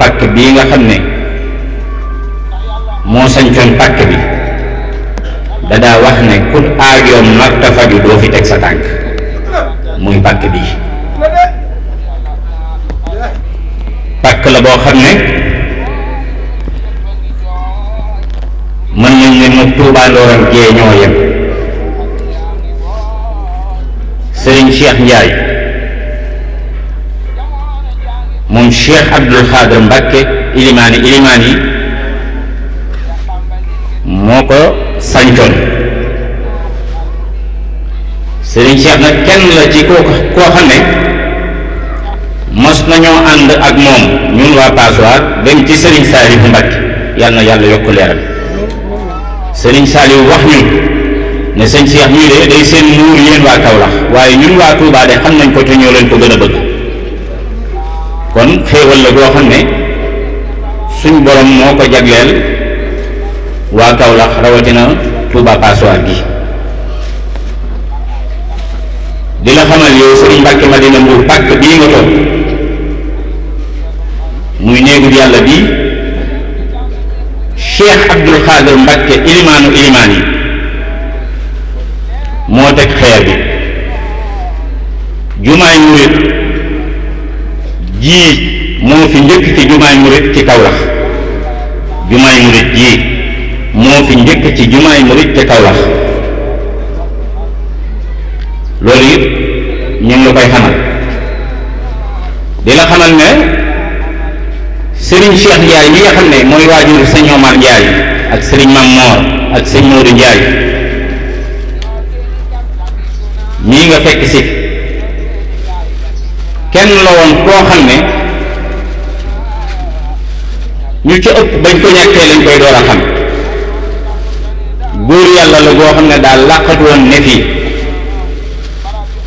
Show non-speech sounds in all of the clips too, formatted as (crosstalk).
pàkk bii nga xam ne moo sañcoon pàkk bi da wax ne ku aajoom nag te faju doo fi teg sa tànk muy pàkk bii pàkk la boo xam ne mën nañ ne mu Tuubaa Ndooram ñoo yem Sëriñ Cheikh Ndiaye moom Cheikh Abdul Xaadir Mbàkke ilimaani ilimaan yi moo ko sancoon sëriñ Cheikh nag kenn la ci koo koo xam ne mos nañoo ànd ak moom ñun waa Passoir dem ci sëriñ Saalihu Mbàkke yàlla yàlla yokk leeram sëriñ Saalihu wax ñu ne sëñ Cheikh ñu de day seen muur yéen waa Kawlax waaye ñun waa Tuubaa xam nañ ko te ñoo leen ko gën a bëgg kon xéewal la boo xam ne suñ borom moo ko jagleel waa Kaolack rawatina Touba Passoire gi di la xamal yow sëriñ Mbàkke Madina Mbuur pàkk bii nga toog muy néegub yàlla bi Cheikh Abdul Xaadir Mbàkke ilimaanu ilimaan yi moo teg xeer bi jumaay murit jii moo fi njëkk ci jumaay murit ci Kawlax jumaay murit jii moo fi njëkk ci jumaay murit ci Kawlax loolu yëpp ñu ngi koy xamal di la ne Serigne Cheikh Ndiaye mi nga xam ne mooy waajur sëñ Omar Ndiaye ak Serigne Mam Moor ak sëñ Modou Ndiaye mii nga fekk si kenn la woon koo xam ne ñu ca ëpp bañ ko ñàkkee lañ koy door a xam buur yàlla la goo xam ne daal làqatu woon ne fii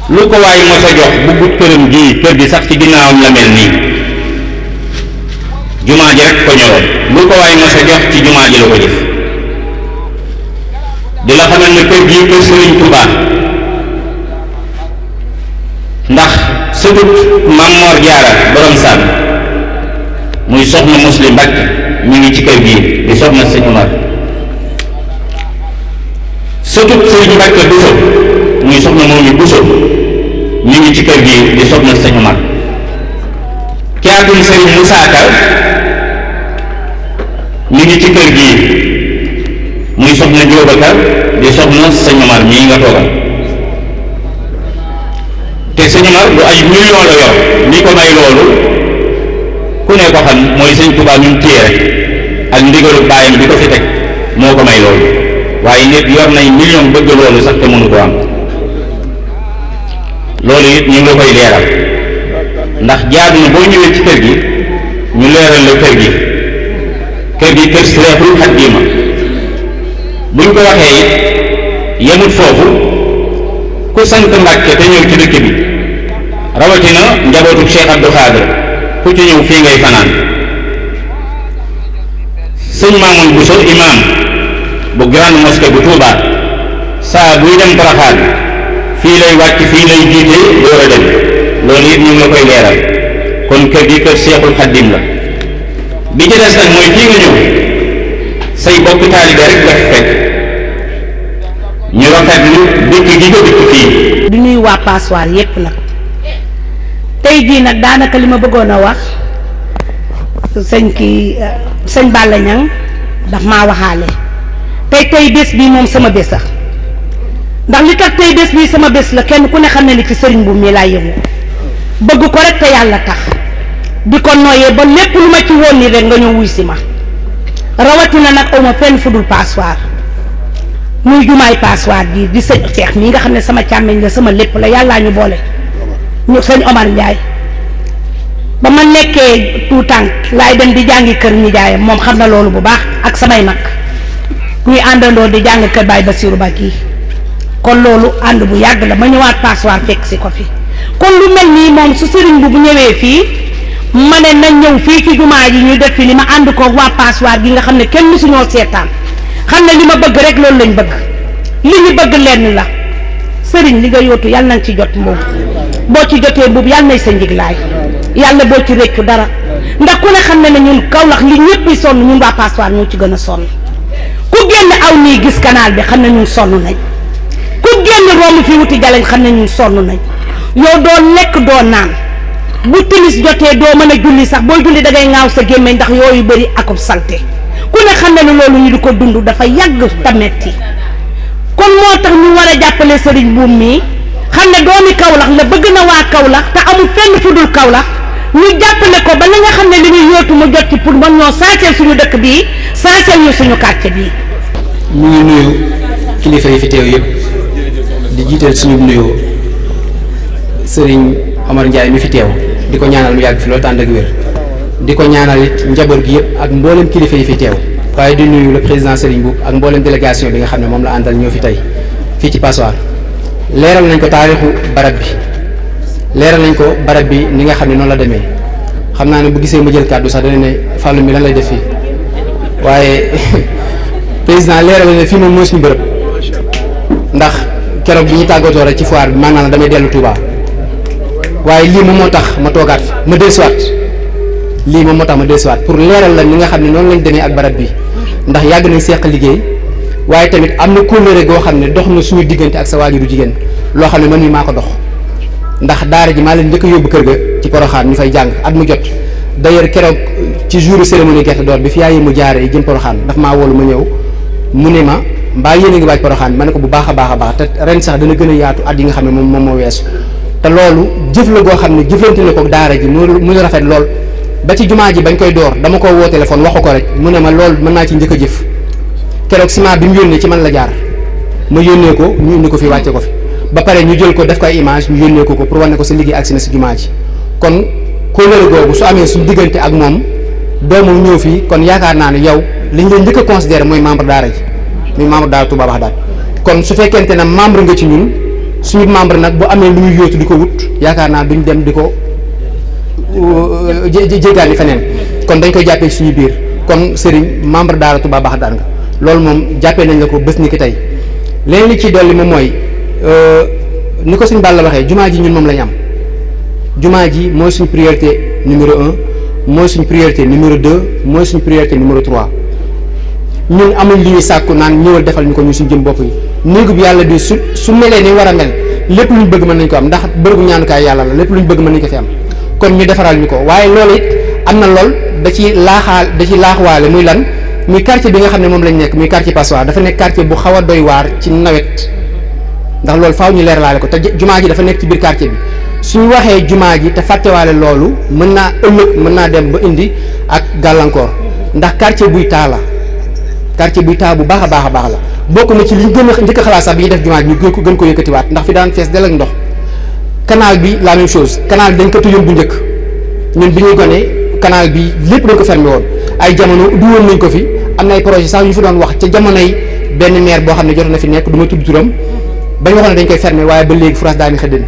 lu ko waay mos a jox buggut këram gii kër gi sax ci ginnaawam la mel nii jumaa ji rek ko ñoroon lu ko waay mos jox ci jumaa ji la ko jëf di xamal ne kër gii kër Sëriñ Tuubaa sëtut Maam Moor Jaara borom Saam muy soxna Muslim Mbàkke ñu ngi ci kër gii di soxna sëñ Umar sëtut Sëriñ Mbàkke Buso muy soxna moom ñu Buso ñu ngi ci kër gii di soxna sëñ Umar caatum Sëriñ Musaa Ka ñu ngi ci kër gii muy soxna Jóoba Ka di soxna sëñ Umar mii nga toogal te lu ay million la yor ñi ko may loolu ku ne ko xam mooy sëñ Tuubaa ñu téye rek ak ndigalu bàyyam bi ko fi teg moo ko may loolu waaye nit yor nay million bëgg loolu sax te mënu ko am loolu it ñu ngi koy leeral ndax jaadu na boo ñëwee ci kër gi ñu leeral la kër gi kër gi kër Seexul Xadiim buñ ko waxee it yemut foofu ku sant Mbàkke te ñëw ci dëkk bi rawatina njabootu Cheikh Abdou Khadir ku ci ñëw fii ngay fanaan sëñ Mamoun Bousso imam bu grande mosquée bu Touba saa buy dem Porokhane fii lay wàcc fii lay jiite door a dem loolu it ñu ngi koy leeral kon kër gi kër Cheikhul Khadim la bi ci nag mooy fii nga ñëw say bokk taalibe rek def fekk ñu rafetlu dëkk gi nga dëkk fii. du nuyu waa Passoir yépp nag. tey jii nag daanaka li ma bëggoon a wax sëñ kii sëñ Balla Niang daf maa waxaale tey tey bés bii moom sama bés ndax li tax tey bés bii sama bés la kenn ku ne xam ne ni ci sëriñ bu mii laay yëngu bëgg ko rek te yàlla tax di ko nooyee ba lépp lu ma ci woon ni rek nga ñëw wuy si ma rawatina nag awma fenn fu dul passoir muy jumaay passoir bii di sëñ Cheikh mii nga xam ne sama càmmeñ la sama lépp la yàllaa ñu boole ñu sëñ Omar Ndiaye ba ma nekkee tuutànk laay dem di jàngi kër nijaayam moom xam na loolu bu baax ak samay mag ñuy àndandoo di jàng kër Baye Bassirou Ba kii kon loolu ànd bu yàgg la ma ñëwaat Passoir fekk si ko fi kon lu mel nii moom su sëriñ bu ñëwee fii ma ne nañ ñëw fii ci jumaa ji ñu def fi li ma ànd koog waa Passoir gi nga xam ne kenn mësuñoo seetaan xam ne li ma bëgg rek loolu lañ bëgg li ñu bëgg lenn la. sëriñ li nga yóotu yal nañ ci jot moom boo ci jotee boobu yal nay sa njiglaay yàlla boo ci réccu dara ndax ku ne xam ne ne ñun Kaolack li ñëpp di sonn ñun waa Passoire ñoo ci gën a sonn ku génn aw nii gis canal bi xam ne ñun sonn nañ ku génn romb fi wuti jaleñ xam ne ñun sonn nañ yow doo lekk doo naan bu timis jotee doo mën a julli sax booy julli da ngay ŋaaw sa gémmiñ ndax yooyu bëri akub salte ku ne xam ne ne loolu ñu di ko dund dafa yàgg tametti kon moo tax ñu war a jàppale sëriñ buum mii xam ne doomi Kaolack la bëgg na waa Kaolack te amul fenn fu dul ñu jàppale ko ba la nga xam ne li ñuy mu jot ci pour mën ñoo saaseel suñu dëkk bii saaseel ñu suñu quartier bii. ñu ngi nuyu kilifa yi fi teew yëpp di jiiteel suñu nuyoo sëriñ Omar Ndiaye mi fi teew di ko ñaanal mu yàgg fi loolu tànd ak wér di ko ñaanal it njaboot gi yëpp ak mboolem kilifa yi fi teew. waaye di nuyu le président Serigne Mboup ak mboolem délégation bi nga xam ne moom la àndal ñëw fi tey fii ci Passoire leeral nañ ko taarixu barab bi leeral nañ ko barab bi ni nga xam ne noonu la demee xam naa ne bu gisee ma jël kàddu sax dana ne fàllu mi lan lay def fii waaye (laughs) président leeral na ne fii moom bërëb ndax keroog bi ñu tàggatoo rek ci foire bi maanaam damay dellu Touba waaye lii moom moo tax ma toogaat ma dellusiwaat lii moom moo tax ma dellusiwaat pour leeral la ni nga xam ne noonu lañ demee ak barab bi. ndax yàgg nañ seq liggéey waaye tamit am na kóllëre goo xam ne dox na suñu diggante ak sa waajuru jigéen loo xam ne man mi maa ko dox ndax daara ji maa leen njëkk yóbbu kër ga ci poroxaan ñu fay jàng at mu jot d'ailleurs keroog ci jour cérémonie gerte door bi fi yaay mu jaaree jëm poroxaan daf maa woolu ma ñëw mu ne ma mbaa yéen a ngi waaj poroxaan ma ne ko bu baax a baax a baax te ren sax dana gën a yaatu at yi nga xam ne moom moom moo weesu te loolu jëf la goo xam ne jëflante na ko daara ji mu rafet lool ba ci jumaa ji bañ koy door dama ko woo téléphone waxu ko rek mu ne ma loolu mën naa ci njëkk jëf keroog ciment bi mu yónnee ci man la jaar ma yónnee ko ñu indi ko fi wàcce ko fi ba pare ñu jël ko def ko ay image ñu yónnee ko ko pour wane ko sa liggéey ak si na si jumaa ji kon kóllëre googu su amee su diggante ak moom doomu ñëw fii kon yaakaar naa ne yow li ñu leen jëkk a considéré mooy membre daara ji muy membre daara Touba Bagdad kon su fekkente ne membre nga ci ñun suñu membre nag bu amee lu ñu yóotu di ko wut yaakaar naa duñ dem di ko Euh, jéggaani feneen kon dañ koy jàppee suñu biir kon seriñ membre daal daara Touba Bakhdaad nga loolu moom jàppee nañ la ko bés ni ko tey leneen li ciy dolli moom mooy euh, ni ko suñ Balla waxee jumaa ji ñun moom lañu am jumaa ji mooy suñ priorité numéro un mooy suñ priorité numéro deux mooy suñ priorité numéro trois ñun amuñ li ñuy sàkku naan ñëwal defal ñu ko ñu suñ jëm bopp yi néegu bi yàlla bi su su melee ni war a mel lépp luñ bëgg mën nañ ko am ndax bërëbu ñaanukaay yàlla la lépp luñ bëgg mën nañ ko am kon ñu defaral ñu ko waaye loolu it am na lool da ci laaxaal da ci laaxwaale muy lan muy quartier bi nga xam ne moom lañ nekk muy quartier Passoire dafa ne quartier bu xaw a doy waar ci nawet ndax loolu faaw ñu leer laale ko te jumaa ji dafa nekk ci biir quartier bi suñu waxee jumaa ji te fàttewaale loolu mën naa ëllëg mën naa dem ba indi ak gàllankoor ndax quartier buy taa la quartier buy taa bu baax a baax a baax la bokk na ci liñ gën a njëkk a xalaat sax bi ñu ndox kanaal bi la même chose canal dañ ko tëjoon bu njëkk ñun bi ñuy gone canal bi lépp dañ ko fermé woon ay jamono du woon nañ ko fi am na ay projet sax ñu fi doon wax ca jamonoy benn maire boo xam ne jot na fi nekk du ma tudd turam bañ waxoon ne dañ koy fermé waaye ba léegi France daani xëddin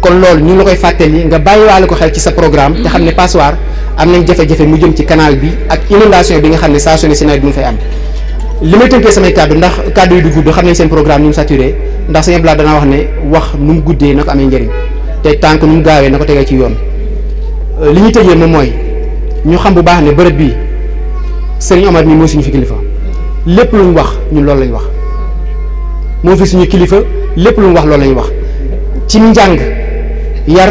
kon loolu ñu ngi la koy fàttali nga bàyyiwaale ko xel ci sa programme te xam ne passoire am nañ jafe-jafe mu jëm ci canal bi ak inondation bi nga xam ne saa su ne bi mu fay am li may tënkee samay kàddu ndax kàddu yi du gudd xam nañ seen programme ni mu saturé ndax sëñ Abdoulaye danaa wax ne wax nu mu guddee na ko amee te tànk nu mu gaawee na ko tegee ci yoon euh, li ñu tëjee moom mooy ñu xam bu baax ne bërëb bii sëriñ Omar mii mooy suñu fi kilifa lépp lu wax ñun loolu lañ wax moo fi suñu kilifa lépp lu mu wax loolu lañ wax ci njàng yar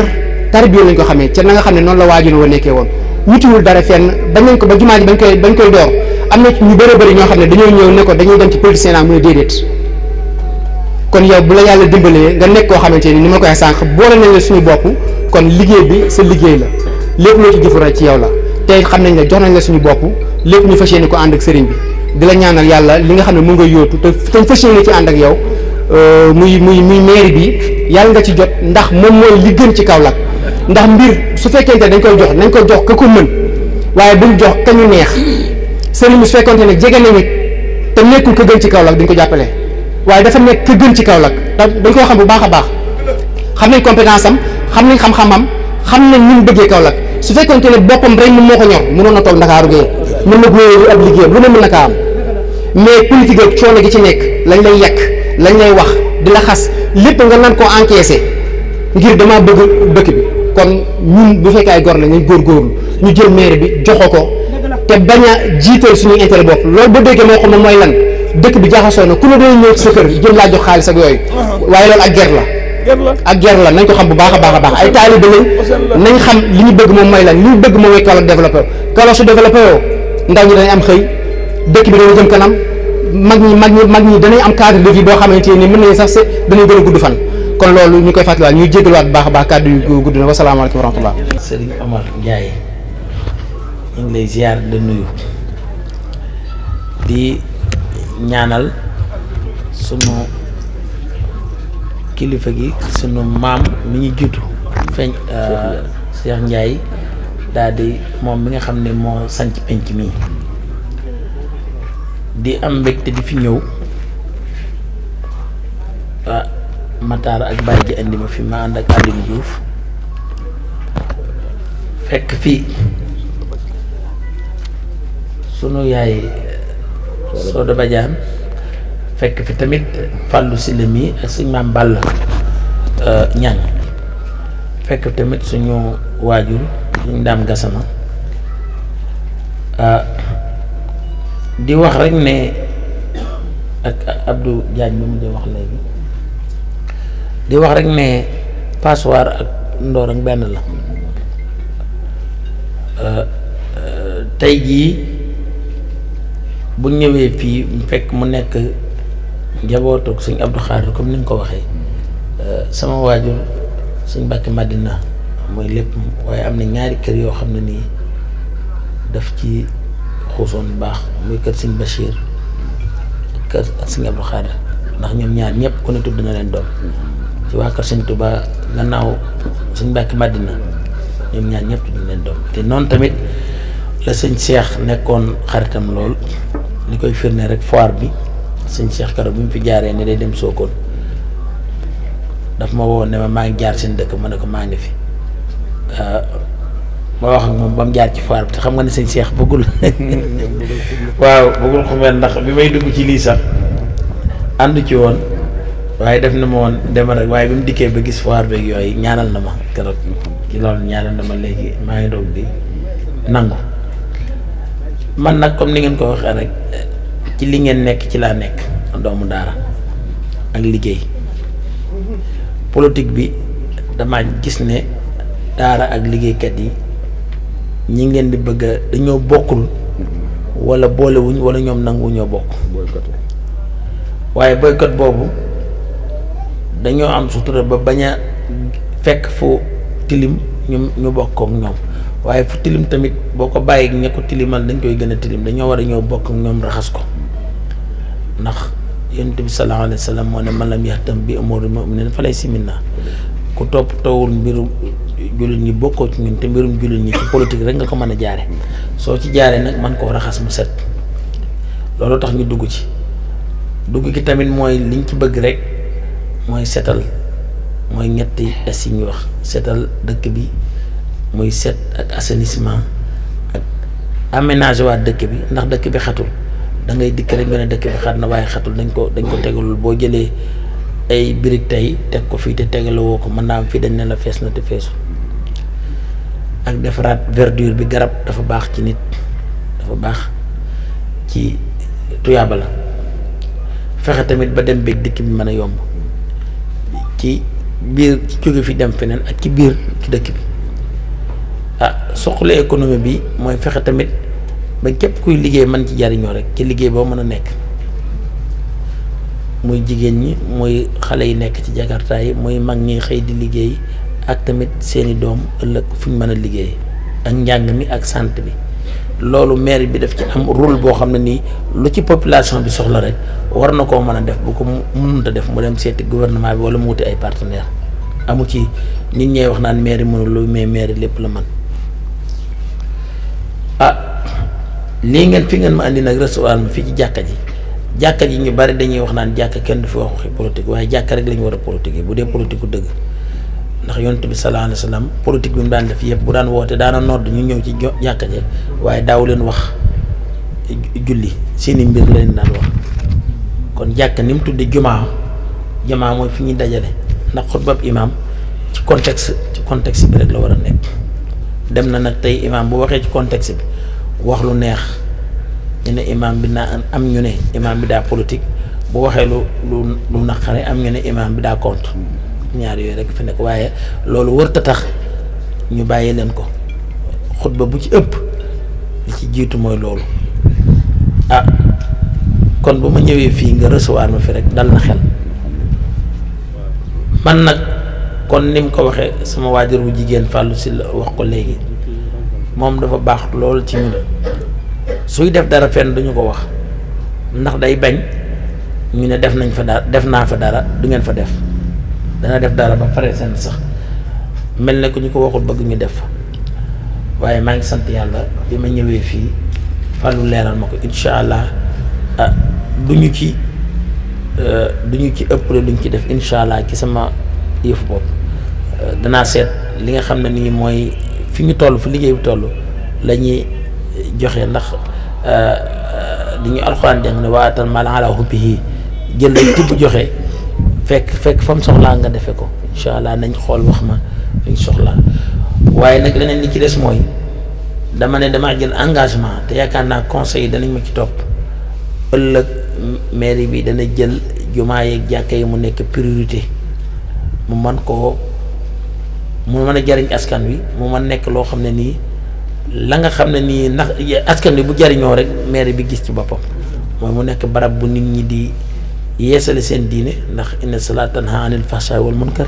tarbiya lañ ko xamee ca na xam ne noonu la waajur wa nekkee woon wutiwul dara fenn bañ ko ba jumaa ji bañ koy door am na ñu bëre bëri ñoo xam ne dañoo ñëw ne ko dem ci politicien naa mu ne déedéet kon yow bu la yàlla dimbalee nga nekk koo xamante ni ni ma koy sànq boole nañ la suñu bopp kon liggéey bi sa liggéey la lépp loo ci jëfandikoo ci yow la tey xam nañ ne jox nañ la suñu bopp lépp ñu fas yéene ko ànd ak sëriñ bi di la ñaanal yàlla li nga xam ne mu nga yóotu te te fas yéene ci ànd ak yow euh, muy muy muy mairie bi yàlla nga ci jot ndax moom mooy li gën ci Kaolack ndax mbir su fekkente dañ koy jox nañ ko jox ka ko mën waaye buñ jox ka ñu neex sëriñ bi su fekkonte ne jege nañu te nekkul ka gën ci Kaolack dañ ko jàppale waaye dafa nekk ka gën ci Kaolack dañ koo xam bu baax a baax xam nañ compétence am xam nañ xam xam am xam nañ ni mu bëggee Kaolack su fekkoon ne boppam rek moom moo ko ñor mënoon na toog Ndakaaru gee mën na góoyóoyu ab liggéeyam lu ne na kaa mais politique ak coono gi ci nekk lañ lay yekk lañ lay wax di la xas lépp nga naan ko encaissé ngir damaa bëgg dëkk bi kon ñun bu fekkee ay gor la góor góorgóorlu ñu jël maire bi joxo ko te bañ a jiital suñuy intérêt bopp loolu ba déggee moo xam ne mooy lan dëkk bi jaaxasoo ku ne day ñëw sa kër jëm laa jox xaalis ak yooyu uh-huh. waaye loolu ak gert la ak ger la nañ ko xam bu baax a baax a baax ay taalibe lañ nañ xam li ñu bëgg moom mooy lan li ñu bëgg moom mooy Kaolack développé Kaolack su développé yoo ndaw ñi dañuy am xëy dëkk bi dañuy jëm kanam mag ñi mag ñi mag ñi danañ am cadre de vie boo xamante ni mën nañu sax se danañ gën gudd fan kon loolu ñu koy fàttaliwaat ñuy jégaluwaat bu baax a baax kàddu yu gudd na wa salaamaaleykum wa rahmatullah Serigne Omar Ndiaye ñu ngi lay ziar la nuyu di ñaanal sunu kilifa gi sunu maam mi ñu jiitu feeñ euh, Cheikh Ndiaye daal moom mi nga xam ne moo sanc penc mi di am mbégte di fi ñëw euh, Matar ak Baye ji indi ma fi ma ànd ak Alioune Diouf fekk fii sunu yaay Soda Badiane fekk fi tamit Fallou Sylla mi ak suñ maam Balla ñaan euh, fekk fi tamit suñu waajur suñu daam gasama euh, di wax rek ne ak Abdou Diagne bi mu dee wax léegi di wax rek ne passoir ak ndoor ak benn la euh, tey jii bu ñëwee fii fekk mu nekk njabootu sëñ Abdou Khadre comme ni nga ko waxee euh, sama waajur sëñ Mbàkke màddina mooy lépp waaye am na ñaari kër yoo xam ne nii daf ci xuusoon bu baax muy kër sëñ Bachir kër ak sëñ Abdou Khadre ndax ñoom ñaar ñëpp ku ne tudd na leen doom ci waa kër sëñ Touba gannaaw sëñ Mbàkke Madina ñoom ñaar ñëpp tudd na leen doom te noonu tamit la sëñ Cheikh nekkoon xaritam lool li koy firnde rek foir bi sëñ Cheikh Karo bi mu fi jaaree ni day dem Sokone daf ma woo ne ma maa ngi jaar seen dëkk ma ne ko maa ngi fi ma wax ak moom ba mu jaar ci foire bi te xam nga ne sëñ Cheikh bëggul (laughs) waaw bëggul xumeel ndax bi may dugg ci lii sax ànd ci woon waaye def na ma woon dema rek waaye bi mu dikkee ba gis foire beeg yooyu ñaanal na ma keroog ci loolu ñaanal na ma léegi maa ngi doog bi nangu man nag comme ni ngeen ko waxee rek ci li ngeen nekk ci laa nekk doomu daara ak liggéey politique bi dama gis ne daara ak liggéeykat yi ñi ngeen di bëgg dañoo bokkul wala boolewuñ wala ñoom nangu ñoo bokk waaye boycott boobu dañoo am sutura ba bañ a fekk fu tilim ñu ñu bokk ak ñoom waaye fu tilim tamit boo ko bàyyi ña ko tilimal dañ koy gën a tilim dañoo war a ñëw bokk ak ñoom raxas ko ndax yonent bi sallallahu alayhi wa sallam moo ne man lam yahtam bi umuri mu'minin falaysa minna ku topp tawul mbirum jullit ñi bokkoo ci ñun mbirum jullit ñi ci rek nga ko mën a jaare soo ci jaaree nag man koo raxas mu set loolu tax ñu dugg ci dugg ci tamit mooy liñ ci bëgg rek mooy setal mooy ñetti es yi ñu wax setal dëkk bi muy set ak assenissement ak aménagé dëkk bi ndax dëkk bi xatul da ngay dikk rek ne dëkk bi xat na waaye xatul dañ ko dañ ko tegalul boo jëlee ay birig tey teg ko fii te tegalewoo ko mën naa am fii dañ ne la fees na te feesul ak defaraat verdure bi garab dafa baax ci nit dafa baax ci tuyaaba la fexe tamit ba dem beeg dikk bi mën a yomb ci biir jóge fi dem feneen ak ci biir ci dëkk bi ah soxla économie bi mooy fexe tamit ba képp kuy liggéey man ci jariñoo rek ci liggéey boo mën a nekk muy jigéen ñi muy xale yi nekk ci jakarta yi muy mag ñi xëy di liggéey ak tamit seeni doom ëllëg fu ñu mën a liggéey ak njàng mi ak sant bi loolu maire bi def ci am rôle boo xam ne nii lu ci population bi soxla rek war na koo mën a def bu ko mënut a def mu dem seeti gouvernement bi wala mu wuti ay partenaires amu ci nit ñee wax naan maire mënul lu mais maire lépp la mën ah lii ngeen fi ngeen ma indi nag recevoir ma fii ci jàkka ji jàkka ji ñu bari dañuy wax naan jàkk kenn du fi wax politique waaye jàkka rek la war a politique bu dee politique ku dëgg ndax yonent bi sallallahu alayhi wasallam politique bi mu daan def yëpp bu daan woote daana nodd ñu ñëw ci jàkka ji waaye daaw leen wax julli seeni mbir la leen daan wax kon jàkka ni mu tudde jumaa jamaa mooy fi ñuy dajale ndax xutbab imaam ci contexte ci contexte bi rek la war a nekk dem na nag tey imaam bu waxee ci contexte bi wax lu neex ñu ne imaam bi naa am ñu ne imaam bi daa politique bu waxee lu lu lu naqare am ñu ne imaam bi daa contre ñaar yooyu rek fi nekk waaye loolu wërta tax ñu bàyyi leen ko xutba bu ci ëpp li ci jiitu mooy loolu ah kon bu ma ñëwee fii nga recevoir ma fi rek dal na xel man nag. kon ni mu ko waxee sama waajur wu jigéen fàllu si la wax ko léegi moom dafa baax lool ci ñun suy def dara fenn duñu ko wax ndax day bañ ñu ne def nañ fa dara def naa fa dara du ngeen fa def dana def dara ba pare seen sax mel ne ku ñu ko waxul bëgg ñu def waaye maa ngi sant yàlla bi ma ñëwee fii fàllu leeral ma ko incha allah ah du ñu ci euh, du ñu ci ëpp duñ ci def incha allah ci sama yëfu bopp. Euh, danaa seet li nga xam ne nii mooy fi ñu toll fu liggéey bu toll lañuy joxe ndax euh, euh, li ñu alxuraan jàng ne waatal maal ala hubbihi jël la tibb joxe fekk fekk fa soxlaa nga defe ko incha allah nañ xool wax ma fi soxlaa waaye nag leneen li ci des mooy dama ne damaa jël engagement te yaakaar naa conseil yi danañ ma ci topp ëllëg mairie bi dana jël jumaa yeeg jàkka yi mu nekk priorité mu man ko mu mën a jariñ askan wi mu mën nekk loo xam ne nii la nga xam ne nii ndax askan wi bu jariñoo rek maire bi gis ci boppam mooy mu nekk barab bu nit ñi di yeesale seen diine ndax inna salaata tanhaa anil fahshaa'i wal munkar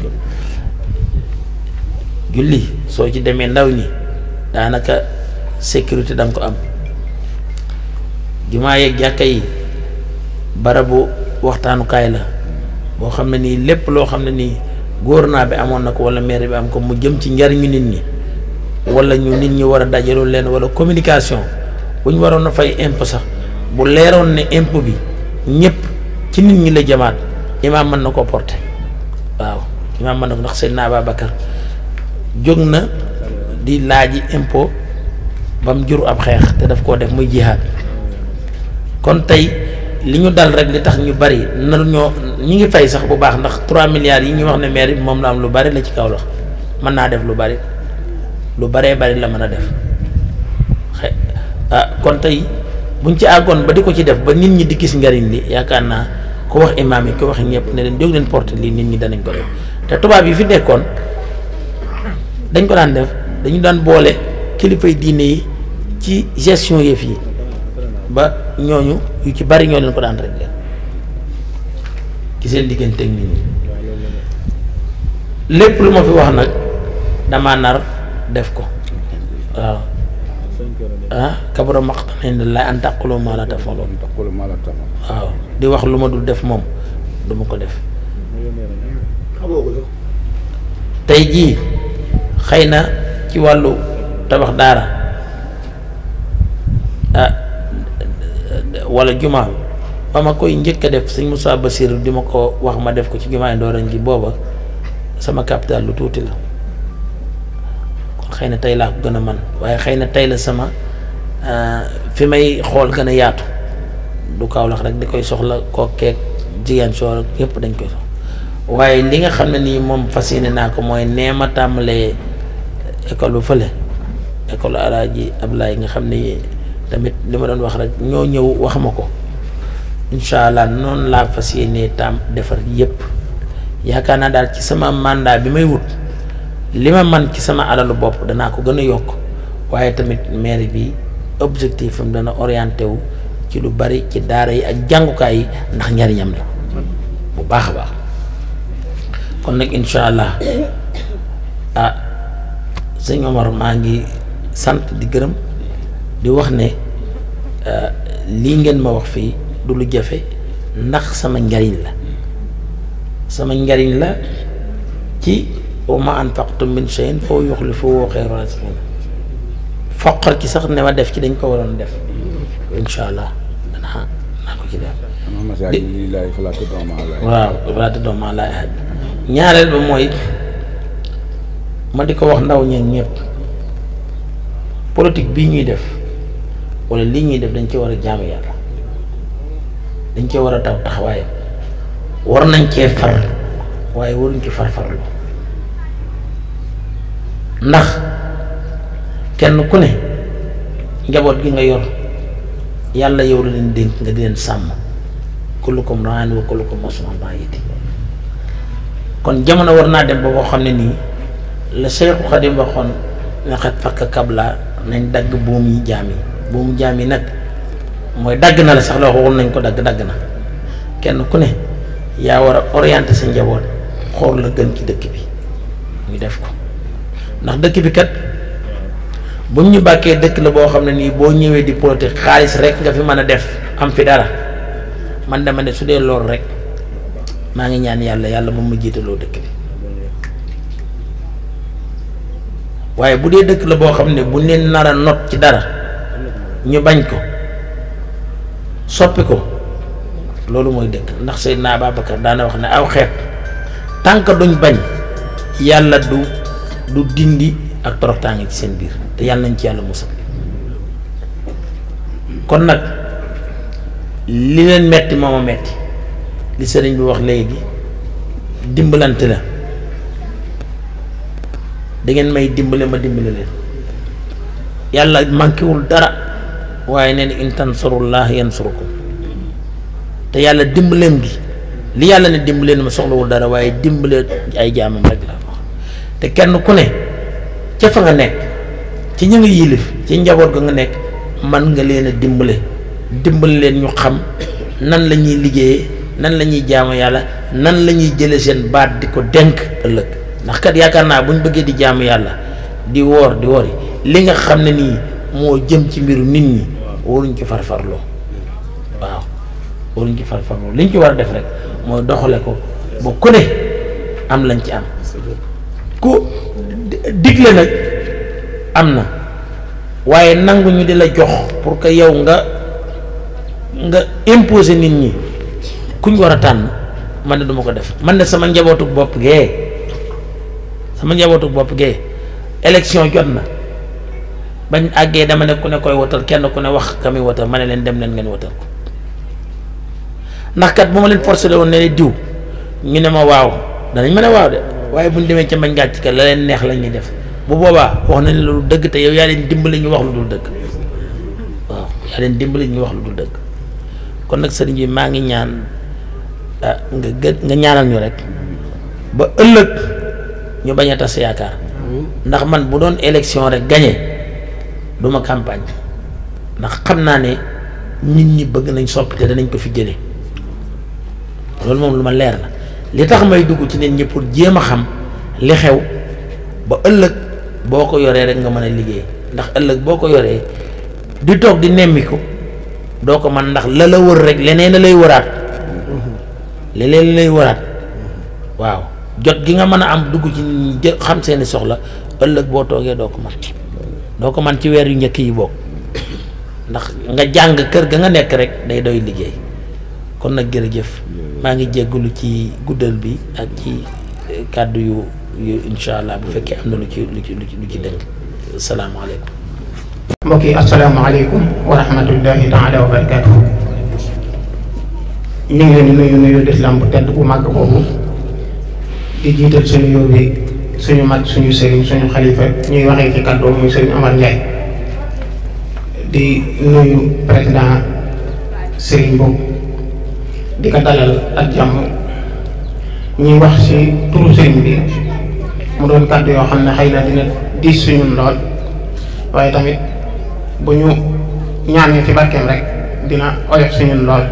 julli soo ci demee ndaw ñi daanaka sécurité danga ko am jumaa yeeg jàkka yi barabu waxtaanukaay la boo xam ne nii lépp loo xam ne nii naa bi amoon na ko wala maire bi am ko mu jëm ci njariñu nit ñi walla ñu nit ñi war a dajaloo leen wala communication bu ñu waroon a fay impôt sax bu leeroon ne impôt bi ñëpp ci nit ñi la jamaat imaam mën na ko porter waaw imaam mën na ko ndax Seydina Ababacar jóg na di laaj impôt ba mu jur ab xeex te daf koo def muy jihaad kon tey li ñu dal rek li tax ñu bari nanu ñoo ñi ngi fay sax bu baax ndax 3 milliards yi ñu wax ne maire moom la am lu bari la ci kaw la mën naa def lu bari lu baree bari la mën a def ah kon tey buñ ci àggoon ba di ko ci def ba nit ñi di gis njariñ li yaakaar naa ko wax imaam yi ko wax ñëpp ne leen jóg leen porte lii nit ñi danañ ko def te tubaab yi fi nekkoon dañ ko daan def dañu daan boole kilifay diine yi ci gestion yëf yi ba ñooñu. yu ci bari ñoo leen ko daan réglé ci seen diggante ak lépp lu ma fi wax nag dama nar def ko waaw ah kabura maqtan indallaahi an taqulu maa laa taf'aluun waaw di wax lu ma dul def moom du ma ko def tey jii xëy na ci wàllu tabax daara ah, wala jumaa ba ma koy njëkk a def sëñ Moussa Bassirou di ma ko wax ma def ko ci jumaa Ndorong gi booba sama capital lu tuuti la kon xëy na tey laa ko gën a man waaye xëy na tey la sama euh, fi may xool gën a yaatu du Kaolack rek di koy soxla kookeeg jigéen soor képp dañ koy soxla waaye li nga xam ne nii moom fas yéene naa ko mooy nee ma tàmbalee école bu fële école alaaji Ablaye nga xam ni tamit li ma doon wax rek ñoo ñëw wax ma ko incha allah noonu laa fas yéenee tam defar yépp yaakaar naa daal ci sama màndaa bi may wut li ma man ci sama alalu bopp danaa ko gën a yokk waaye tamit maire bi objectif am dana orienté wu ci lu bari ci daara yi ak jàngukaay yi ndax njariñam la bu baax a baax kon nag incha allah ah sëñ Omar maa ngi sant di gërëm. di wax ne euh, lii ngeen ma wax fii du lu jafe ndax sama njariñ la sama njariñ la ci wa ma anfaqtum min shay'in fa yukhlifuhu khayrun wa foqar ci sax ne ma def ci dañ ko waroon def insha allah danaa waaw falaata doomaa laa ahad ñaareel ba mooy ma di ko wax ndaw ñeen ñëpp politique bii ñuy def wala lii ñuy def dañ cee war a jaamu yàlla dañ cee war a taw taxawaay war nañ cee far waaye waruñ ci farfarlu ndax kenn ku ne njaboot gi nga yor yàlla yow la leen dénk nga di leen sàmm kullukum ra'in ko kullukum mas'ulun 'an ra'iyyati kon jamono war naa dem ba boo xam ne nii la Seexu Xadim waxoon ne xat fakk kabla nañ dagg buum yi jaam yi boobu jaam yi nag mooy dagg na la sax loo waxoon nañ ko dagg dagg na kenn ku ne yaa war a orienter sa njaboot xool la gën ci dëkk bi ñu def ko ndax dëkk bi kat bu ñu bàkkee dëkk la boo xam ne nii boo ñëwee di politique xaalis rek nga fi mën a def am fi dara man dama ne su dee loolu rek maa ngi ñaan yàlla yàlla moom mu jiitaloo dëkk bi waaye bu dee dëkk la boo xam ne buñ leen nara not ci dara. ñu bañ ko soppi ko loolu mooy dëkk ndax Seydina Ababacar daana wax ne aw xeet tànk duñ bañ yàlla du du dindi ak toroxtaange ci seen biir te yàlla nañ ci yàlla musal kon nag li leen metti moo ma metti li sëriñ bu wax léegi dimbalante la dangeen may dimbale ma dimbale leen yàlla mànkewul dara waaye nee na in tansurullah yansurukum te yàlla dimbaleem gi li yàlla ne dimbaleen ma soxlawul dara waaye dimbale ay jaamam rek la te kenn ku ne ca fa nga nekk ci ña nga yilif ci njaboot ga nga nekk man nga leen a dimbale dimbale leen ñu xam nan la ñuy liggéeyee nan la ñuy jaamu yàlla nan la ñuy jële seen baat di ko denk ëllëg ndax kat yaakaar naa bu ñu bëggee di jaamu yàlla di woor di woori li nga xam ne nii moo jëm ci mbiru nit ñi waruñ ci farfarloo waaw waruñ ci farfarloo liñ ci war a def rek mooy doxale ko ba ku ne am lañ ci am ku digle nag am na waaye nangu ñu di la jox pour que yow nga nga imposer nit ñi kuñ war a tànn man ne duma ko def man ne sama njabootu bopp gee sama njabootu bopp gee élection jot na bañ àggee dama ne ku ne koy wotal kenn ku ne wax ka muy wotal ma ne leen dem leen ngeen wotal ko ndax kat bu ma leen forcé woon ne diw ñu ne ma waaw danañ mën a waaw de waaye bu ñu demee ca mañ gàcc ka la leen neex la ñuy def bu boobaa wax nañ lu dëgg te yow yaa leen dimbali ñu wax lu dul dëgg waaw yaa leen dimbali ñu wax lu dul dëgg kon nag sëriñ bi maa ngi ñaan ah, nga gë nga ñaanal ñu rek ba ëllëg ñu bañ a tas yaakaar ndax man bu doon élection rek gañe du ma campagne ndax xam naa ne nit ñi bëgg nañ soppite danañ ko fi jëlee loolu moom lu ma leer la li tax may dugg ci nit ñi pour jéem a xam li xew ba ëllëg boo ko yoree rek nga mën a liggéey ndax ëllëg boo ko yoree di toog di nemmiku doo ko man ndax la la wër rek leneen lay wëraat leneen lay wëraat waaw jot gi nga mën a am dugg ci nit jë xam seeni soxla ëllëg boo toogee doo ko man doo ko man ci weer yu njëkk yi bokk ndax nga jàng kër ga nga nekk rek day doy liggéey kon nag jërëjëf maa ngi jéggulu ci guddal bi ak ci eh, kàddu yu yu incha allah bu fekkee am na lu ci lu ci lu ci dëng salaamaaleykum mbokk yi asalaamaaleykum wa wa barakatuhu ñu ngi leen di nuyu nuyu lislaam bu tedd bu màgg boobu di suñu yóbbee suñu mag suñu sëriñ suñu xalifa ñuy waxee ci kàddu muy sëriñ Omar Ndiaye di nuyu président sëriñ boobu di ko dalal ak jàmm ñuy wax ci turu sëriñ bi mu doon kàddu yoo xam ne xëy na dina di suñu lool waaye tamit bu ñu ñaanee ci barkeem rek dina oyof suñu lool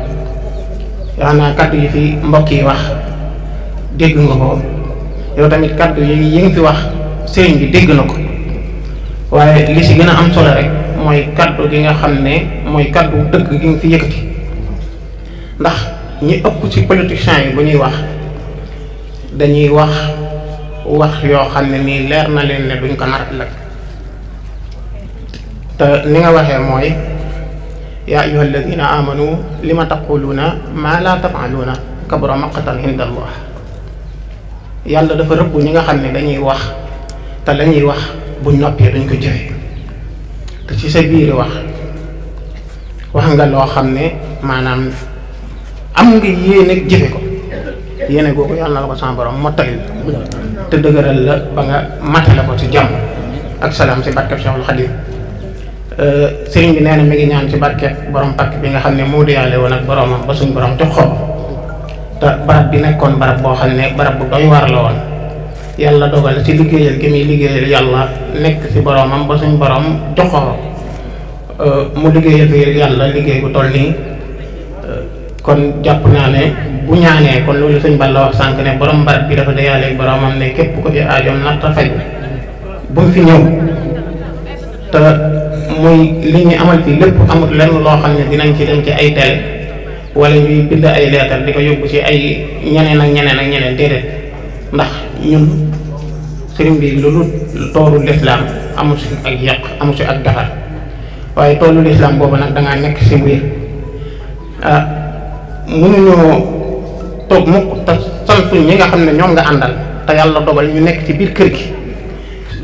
yaakaar naa kàddu yi fi mbokk yi wax dégg nga ko. yow tamit kaddu yi yi nga fi wax sëriñ bi dégg na ko waaye li si gën a am solo rek mooy kaddu gi nga xam ne mooy kaddu dëgg gi nga fi yëkkati ndax ñi ëpp ci politiciens yi bu ñuy wax dañuy wax wax yoo xam ne nii leer na leen ne duñ ko nar ëllëg te ni nga waxee mooy yaa ayyuha alladina amanu lima na maa laa tafaaluuna kabura maqatan inda allah yàlla dafa rëbb ñi nga xam ne dañuy wax te lañuy wax buñ noppee dañ ko jëfee te ci sa biir wax wax nga loo xam ne maanaam am nga yéene jëfe ko yéene googu yàlla na la ko sama borom mottali la te dëgëral la ba nga la ko ci jàmm ak salaam si barkeb Cheikhul Khadim euh, sëriñ bi nee na mi ngi ñaan ci barkeb borom pakk bi nga xam ne moo di yàlla woon ak boromam ba suñ borom jox ko te barab bi nekkoon barab boo xam ne barab bu doy waar la woon yàlla dogal ci liggéeyal gi muy liggéeyal yàlla nekk ci boroomam ba suñ boroom joxoo euh, mu liggéeyal fi yàlla liggéey bu toll nii euh, kon jàpp naa ne bu ñaanee kon loolu suñ balla wax sànq ne borom barab bi dafa deyaaleeg boroomam ne képp ko fi aajoom natta faj bu mu fi ñëw te muy li ñu amal fii lépp amul lenn loo xam ne dinañ ci dem ci ay télé wala ñuy bind ay leetar di ko yóbbu ci ay ñeneen ak ñeneen ak ñeneen déedéet ndax ñun sëriñ bi loolu toolu lislaam amu si ak yàq amu si ak defar waaye toolu lislaam boobu nag da nekk si biir ah mënuñoo toog mukk te sant ñi nga xam ne ñoom nga àndal te yàlla dogal ñu nekk ci biir kër gi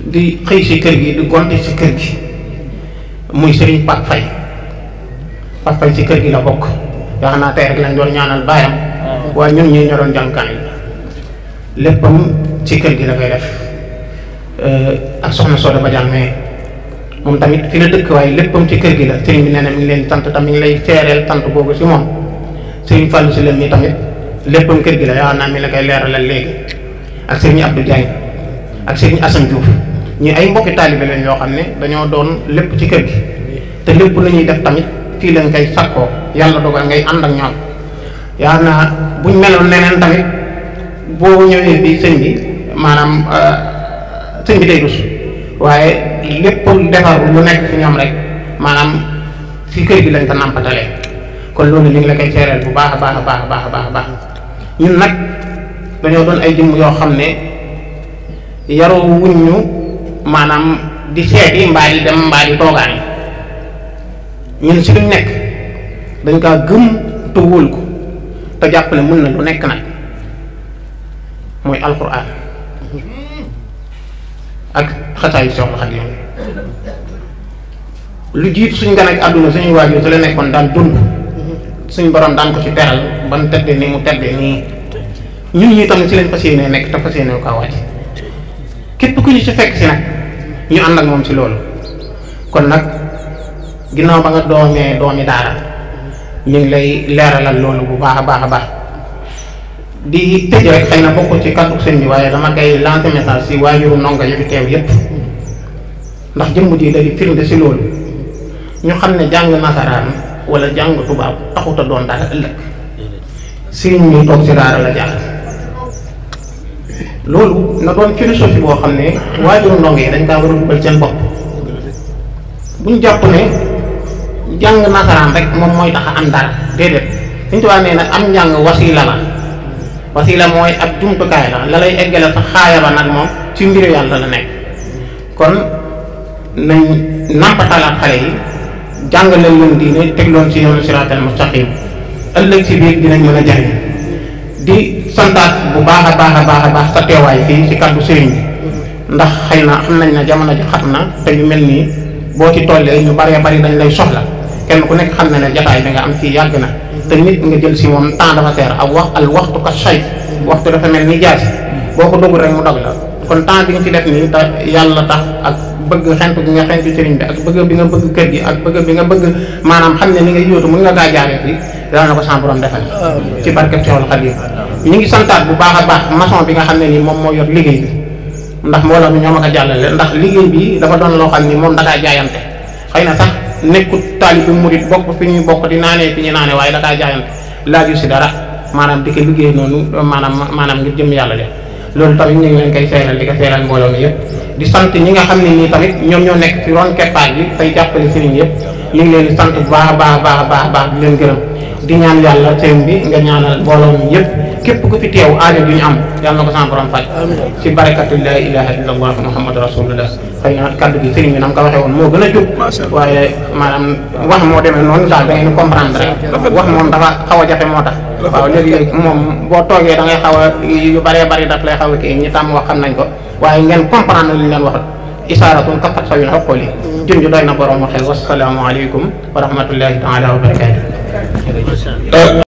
di xëy si kër gi di gonte si kër gi muy sëriñ Pape Faye Pape Faye si kër gi la bokk. yoo xam naa tey rek lañ doon ñaanal baayam waaye ñun ñii ñoo doon jànkan yi léppam ci kër gi la koy def eh, ak soxna soo dafa jàmm mais moom tamit fi la dëkk waaye léppam ci kër gi la sëriñ bi nee na leen tant tam ngi lay teereel tant boobu si moom sëriñ Fallou si leen nii tamit léppam kër gi la yoo xam naa mi la koy leeralal léegi ak sëriñ Abdou Diagne ak sëriñ Assane Diouf ñi ay mbokki taalibe lañ yoo xam ne dañoo doon lépp ci kër gi te lépp la ñuy def tamit fii lañ koy sakkoo yàlla dogal ngay àndak ak ñoom yaa na buñ meloon neneen tamit boo ñëwee fii sëñ bi maanaam euh, sëñ bi day dus waaye lépp defar lu nekk fi ñoom rek maanaam fi kër gi lañ ko nàmpatalee kon loolu li ngi la koy seereel bu baax a baax a baax a baax a baax a baax ñun nag dañoo doon ay jëmm yoo xam ne yaroo wuñ ñu maanaam di seeti mbaa di dem mbaa di toogaan yi ñun si luñ nekk dañ kaa gëm te ko te jàpp ne mën na lu nekk nag mooy alxuraan ak xasaayu soxla xat yi lu jiitu suñ gan ak àdduna suñuy waajur su la nekkoon daan dund suñ borom daan ko ci teral ban tedde nii mu tedde nii ñun ñi tamit si lañ fas yéenee nekk te fas yéenee kaa képp ku ñu ci fekk si nag ñu ànd ak moom si loolu kon nag ginnaaw ba nga doomee doomi daara ñu ngi lay leeralal loolu bu baax a baax a baax di tëj rek xëy na bokk ci kàddu sëñ bi waaye dama koy lancer message si waajuru ndongo yi fi teew yépp ndax jëmm ji si loolu xam ne jàng nasaraan wala jàng tubaab taxut doon dara ëllëg la loolu doon philosophie boo xam ne waajuru dañ kaa war a dugal seen bopp buñ jàpp ne njàng nasaraan rek moom mooy tax a am dara déedéet suñu tubaab nee na am njàng wasila la wasila mooy ab jumtukaay la la lay eggale sa xaaya ba nag moom ci mbiru yàlla la nekk kon nañ nampatalaat xale yi jàng leen leen diine teg loon ci yoonu siraatal mustaqim ëllëg si biir dinañ mën a jariñ di santaat bu baax a baax a baax a baax sa teewaay fii ci kàddu sëriñ bi ndax xëy na xam nañ ne jamono ji xat na te ñu mel nii boo ci tollee ñu bëree bari dañ lay soxla kenn ku nekk xam na ne jataay bi nga am ci yàgg na te nit nga jël si moom temps dafa seer ak wax al waxtu ka say waxtu dafa mel ni jaasi boo ko dugg rek mu dog la kon temps bi nga ci def nii te yàlla tax ak bëgg xent bi nga xentu sëriñ bi ak bëgg bi nga bëgg kër gi ak bëgg bi nga bëgg maanaam xam ne ni ngay yóotu mën nga gaa jaaree fii dana na ko sama borom defal ci barkeb Seexul Xadiim ñu ngi santaat bu baax a baax maçon bi nga xam ne nii moom moo yor liggéey bi ndax mbooloo mi ñoo ma ko jàllale ndax liggéey bi dafa doon loo xam ni moom da kaa jaayante xëy na sax nekkut taalibu murit bokk fi ñuy bokk di naanee fi ñuy naane waaye da kaa jaayante laaju si dara maanaam di ko liggéey noonu maanaam maanaam ngir jëm yàlla de loolu tamit ñu ngi leen koy seeral di ko seeral mbooloo mi yëpp di sant ñi nga xam ne nii tamit ñoom ñoo nekk ci ron keppaat bi tey jàppale sëriñ yëpp ñu ngi leen di sant bu baax a baax baax baax baax di leen gërëm di ñaan yàlla sëriñ bi nga ñaanal mbooloo mi yëpp képp ku fi teew aajo du ñu am xëy na kaddu gi sëriñ bi na mu ko waxee woon moo gën a jub waaye maanaam wax moo demee noonu daal da ngeen comprendre wax moom dafa xaw jafe moo tax waaw léegi-léegi moom boo toogee da ngay xaw a yu bëree bëri daf lay xaw a kii ñi tàmm wax xam nañ ko waaye ngeen comprendre lu ñu leen wax isaaratun kafat sa yu na xoqool yi junj doy na borom waxel wasalaamu aleykum wa rahmatullahi taala wa barakatu